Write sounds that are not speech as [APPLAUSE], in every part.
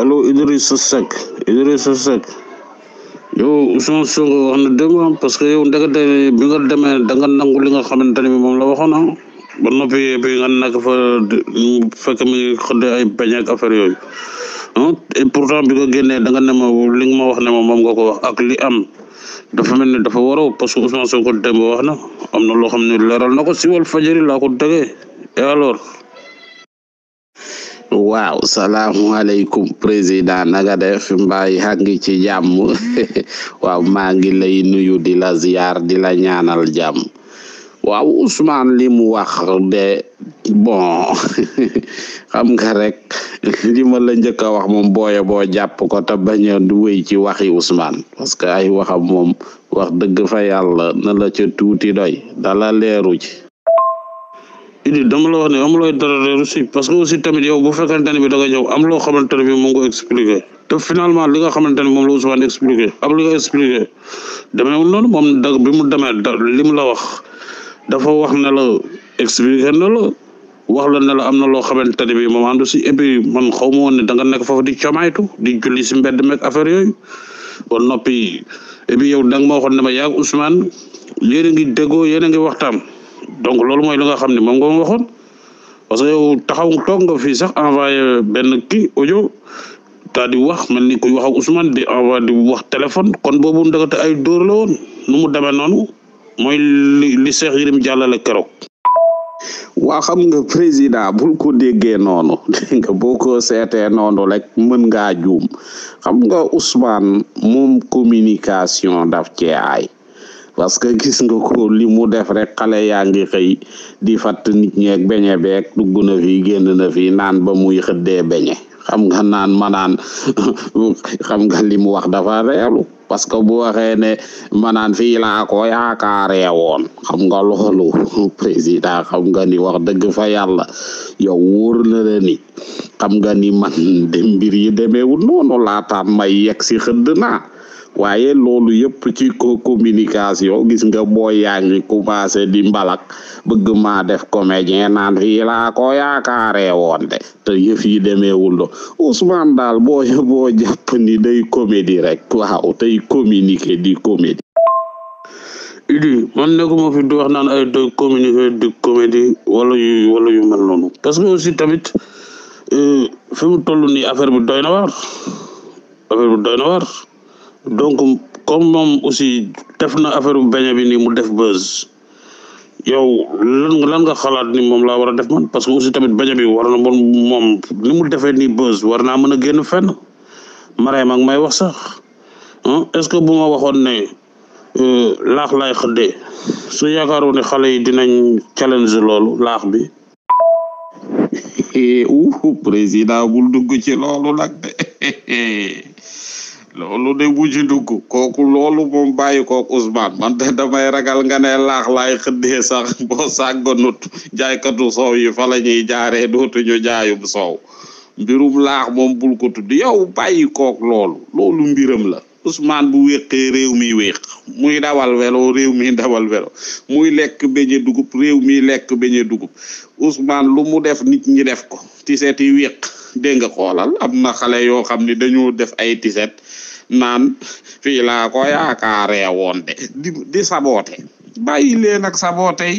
allo Idrissa Seck Idrissa Seck yow Ousmane Sonko wax na dëgg parce que yow ndekete bi nga da nga nangu li nga xamante ne bi moom la waxoon ah ba noppi bi nga nekk fa fekk mi xëdde ay bañ ak affaire yooyu ah. bi nga génnee da nga ne ma li ma wax ne ma moom nga ko wax ak li am dafa mel ni dafa waroo parce que Ousmane Sonko démb wax na am na loo xam ne leeral na ko si wàllu fajari laa ko déggee et alors. waaw salaamualeykum président naga def mbaay xangi ci jàmm [LAUGHS] waaw maa ngi lay nuyu di la ziar di la ñaanal jàmm waaw Ousmane li mu wax de bon [LAUGHS] xam nga rek [LAUGHS] li ma la njëkk a wax moom booye boo jàpp ko te bañ a wéy ci waxi Ousmane parce que ay waxam moom wax dëgg fa yàlla na la ca tuuti doy dala leeru ci Idil dama la wax ne am looy dara aussi bi da moom nga expliqué demeewul da bi mu demee da li mu la wax dafa wax na la wax la loo xamante ne bi moom àndu si et puis man xaw ma ne da nga nekk foofu di comaytu di julli si mbedd meeg affaire yooyu ba noppi et puis yow ma waxoon ma yaag Ousmane yéen a ngi déggoo yéen a ngi waxtaan donc loolu mooy li nga xam ne moom nga waxoon parce que taxaw toog nga fii sax envoyé benn kii ojo daa di wax mel ni kuy wax ak Ousmane di envoyé di wax téléphone kon boobu ndekete ay dóor la nu mu demee noonu mooy li li Cheikh Yérim jàllale keroog. waa xam nga président bul ko déggee noonu [LAUGHS] dégg nga boo ko seetee noonu rek mën ngaa juum xam nga Ousmane moom communication daf cee parce que gis nga ko li mu def rek xale yaa ngi xëy di fatt nit ñeeg beñe beeg dugg na fi génn na fi naan ba muy xëddee beñe xam nga naan manaan [LAUGHS] xam nga li mu wax dafa reelu parce que bu waxee ne manaan fii laa ko yaakaaree woon xam nga loolu [LAUGHS] président xam nga ni wax dëgg fa yàlla yow wóor na xam nga ni man de mbir yi demeewul noonu laataan may yegg si xëdd waaye loolu yëpp ci ko communication gis nga boo yaa ngi commencé di mbalak bëgg maa def comédien naan fii laa ko yaakaaree woon de te yëf yi demeewul do Ousmane daal boo boo jàpp ni day comédie rek waaw tey communiquer di comédie idi man nekkuma fi di wax naan ay de communiquer di comédie wala yu wala yu parce que aussi tamit euh, fi mu toll affaire bu doy na waar donc comme moom aussi def na affaire beñe bi nii mu def buzz yow lan lan nga xalaat ni moom laa war a def man parce que aussi tamit beñe bi war na moom moom ni mu defee nii buzz war naa mën a génn fenn Marème ak may wax sax est-ce que bu ma waxoon ne euh, laax laay xëddee su yaakaaroon ne xale yi dinañ challenge loolu laax bi u [LAUGHS] président bul dugg ci loolu nag de [LAUGHS] loolu de bu ci dugg kooku loolu moom bàyyi kooku Ousmane man de damay ragal nga ne laax laay xëddee sax [LAUGHS] boo sàgganut jaaykatu soow yi fa la ñuy jaaree dootuñu jaayum soow mbirum laax moom bul ko tudd yow bàyyi kook loolu loolu mbiram la Ousmane bu wéqee réew mi wéq muy dawal welo réew mi dawal welo muy lekk beñe dugub réew mi lekk beñe dugub Ousmane lu mu def nit ñi def ko ti seeti wéq dégg nga xoolal am na xale yoo xam ne dañoo def ay tiset naan fii laa ko yaakaaree woon de di di saboote bàyyi leen ak saboote yi.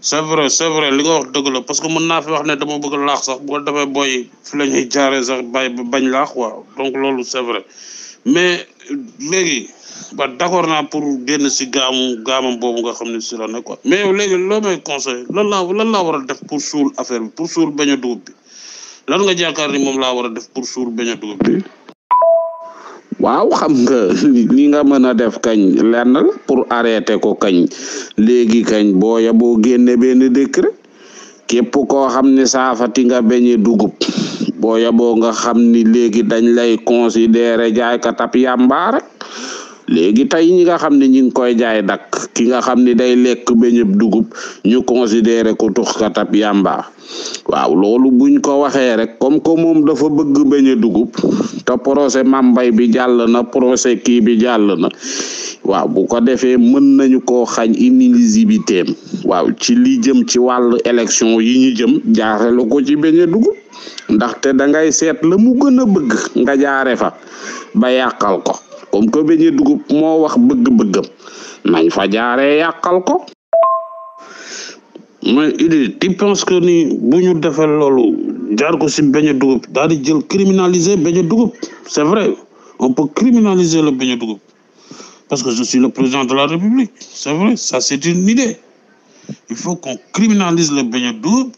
c'est vrai li nga wax dëgg la parce que mën naa fi wax ne dama bëgg laax sax bu ko defee booy fi la ñuy jaaree sax bay bañ laax waaw donc loolu c'est vrai mais léegi ba d'accord naa pour génn si gaamu gaamam boobu nga xam ne si la ne mais yow loo may conseil lan laa lan laa war a def pour suul affaire bi pour suul bañ a dugub bi lan nga jakar ni mom la wara def pour sour bañ a dugub bi waaw xam nga li nga mën a def kañ lenn pour arrêter ko kañ léegi kañ ya boo génne benn décret képp koo xam ne saafati nga beñe dugub ya boo nga xam ni dañ lay considérer jaay ka tap rek léegi tey ñi nga xam ne ñi ngi koy jaay dakk ki nga xam ni day lekk beñëb dugub ñu considéré ko tuxkatab yàmba waaw loolu buñ ko waxee rek comme que moom dafa bëgg beñe dugub te procès mambay bi jàll na procès kii bi jàll na waaw bu ko defee mën nañu ko xañ inéligibilité am waaw ci li jëm ci wàllu élection yi ñu jëm jaaxelu ko ci beñe dugub ndaxte dangay seet la mu gën a bëgg nga jaare fa ba yàqal ko kom ko beñe dugub mo wax bëgg-bëggam nañ fa jaaré yakal ko mais idée tu penses que ni buñu défal lolu jaar ko ci beñe dugub daal di jël criminaliser beñe dugub c'est vrai on peut criminaliser le beñe dugub parce que je suis le président de la République c'est vrai ça c'est une idée il faut qu'on criminalise le beñe dugub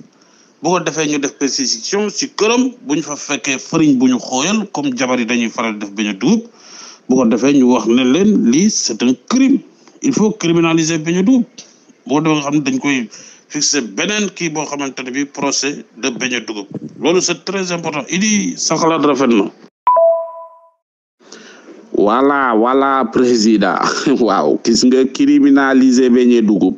bu ko ñu def précision si këram bu ñu fa fekkee fëriñ bu ñu xooyal comme jabar yi dañuy faral def beñe dugub bu ko defee ñu wax ne leen li c'est un crime il faut criminaliser bi ñu dugub boo nga xam dañ koy fixer benen ki bo xamante bi procès de beñe dugub loolu c'est très important idi sa xalaat rafet na wala voilà président [LAUGHS] waaw gis nga criminaliser beñe dugub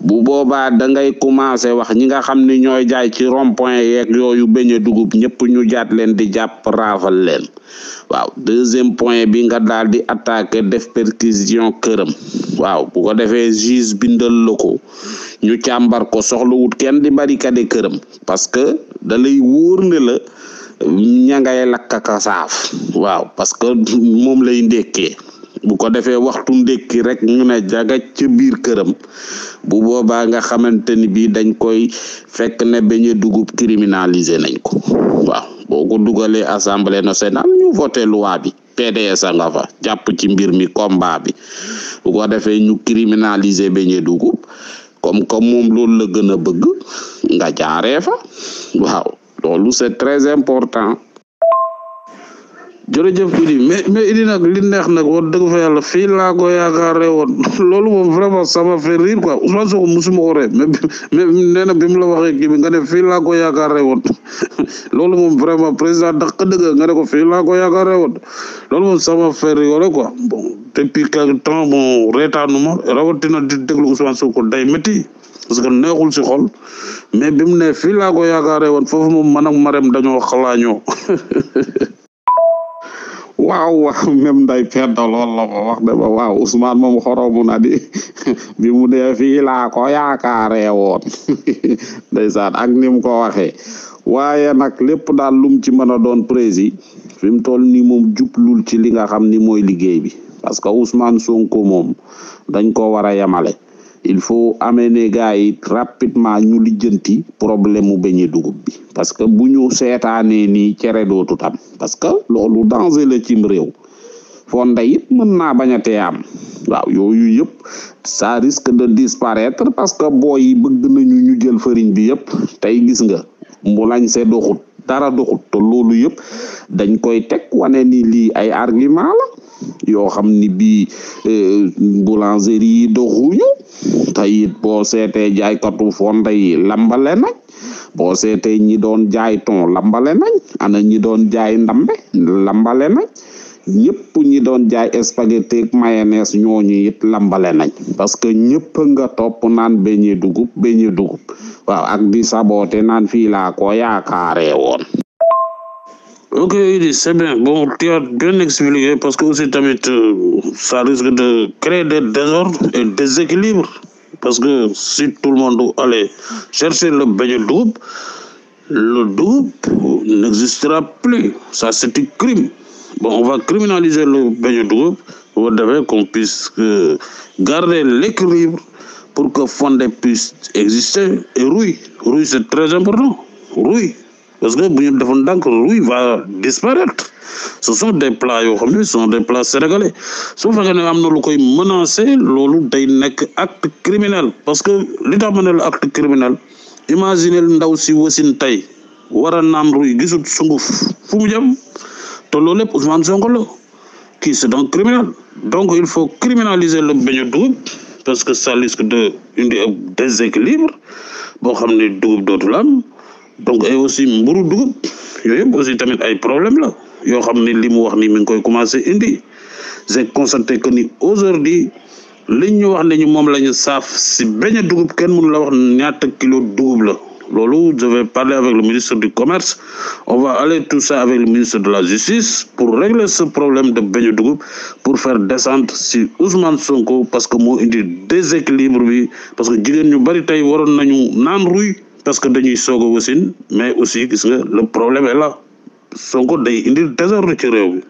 bu boobaa da ngay commencé wax ñi nga xam ni ñooy jaay ci rond point yeeg yooyu beñe dugub ñëpp ñu jaat leen di jàpp raafal leen waaw deuxième point bi nga daal di attaquer def perquisition këram waaw bu defee juge bindal la ko ñu càmbar ko soxlawut kenn di barikade këram parce que da lay wóor ne la ña ngay lakk saaf waaw parce que moom lay ndékkee bu ko defee waxtu ndékki rekk ñu ne jaga ci biir këram bu boobaa nga xamante ni bii dañ koy fekk ne beñe dugub criminalisé nañ ko waaw boo ko dugalee assemblée nationale ñu voté loi bi PDS a fa jàpp ci mbir mi combat bi bu ko defee ñu criminalisé beñe dugub comme comme moom loolu la gën a bëgg nga jaaree fa waaw loolu c'est très important jërëjëf idi mais mais idi nag li neex nag wax dëgg fa yàlla fii laa ko yaakaare [LAUGHS] loolu moom vraiment ça m'a fait rire quoi Ousmane Sonko musuma ko ree mais mais nee la waxee kii bi nga ne fii laa ko yaakaare woon [LAUGHS] loolu moom vraiment président daq dëgg nga ne ko fii laa ko yaakaare woon loolu moom ça m'a fait rigoler quoi bon depuis quelque temps bon reetaanuma di déglu Ousmane Sonko day métti parce que neexul si xol mais bi ne fii laa ko yaakaare woon foofu moom man ak Marème dañoo xalaañoo [LAUGHS] waaw waaw même nday perte loolu la ko wax de ba waaw Ousmane moom xoromu na di [LAUGHS] bi ne fii ko yaakaare woon [LAUGHS] ndeysaan ak ni mu ko waxe waaye nag lépp daal lum ci mën a doon prési fi mu toll nii moom jublul ci li nga xam ni mooy liggéey bi parce que Ousmane Sonko moom dañ ko war a yemale il faut amener gars yi rapidement ñu lijeenti problème mu beñi dugub bi parce que buñu sétané ni nii cere dootu tam parce que lolu danger la cim réew fonda it mën na baña té am waaw yoyu yëpp ça risque de disparaître parce que boy yi bëgg nañu ñu jël fariñ bi yëpp tay gis nga lañ se doxut dara doxut te lolu yëpp dañ koy tek wané ni li ay argument la yoo xam ni bii eh, boulangerie yi doxuñu tey it boo seetee jaaykatu fonde yi lambale nañ boo seetee ñi doon jaay ton lambale nañ ana ñi doon jaay ndambe lambale nañ ñëpp ñi doon jaay spaghetti ak mayonnaise ñooñu it lambale nañ parce que ñëpp nga topp naan beñe dugub beñe dugub waaw ak di saboté naan fii laa ko yaakaaree woon Ok, c'est bien. Bon, tu as bien expliqué parce que euh, ça risque de créer des désordres et des équilibres. Parce que si tout le monde allait chercher le beignet double, le double n'existera plus. Ça, c'est un crime. Bon, on va criminaliser le beignet double. pour qu'on puisse euh, garder l'équilibre pour que Fondé puisse exister. Et oui, oui, c'est très important. Oui parce que le de va disparaître ce sont des plats ce sont des plats sénégalais menacer acte criminel parce que acte criminel imaginez ndaw si a gisut sunguf fu mu jëm te Ousmane Sonko la c'est donc criminel donc il faut criminaliser le de parce que ça risque de une déséquilibre bo xamné d'autres donc et aussi mburu dugub yooyu aussi tamit ay problème la yo xamné limu wax ni ming koy commencer indi j'ai constaté que ni aujourd'hui li ñu wax ne ñu mom lañu saaf si beñ dugub kenn mënu la wax kilo double la je vais parler avec le ministre du commerce on va aller tout ça avec le ministre de la justice pour régler ce problème de beñu dugub pour faire descendre si Ousmane Sonko parce que mo indi déséquilibre bi parce que jigen ñu bari tay waron nañu naan ruy parce que dañuy soog a wasin mais aussi gis nga le problème est là Sonko day indi désordre ci réew mi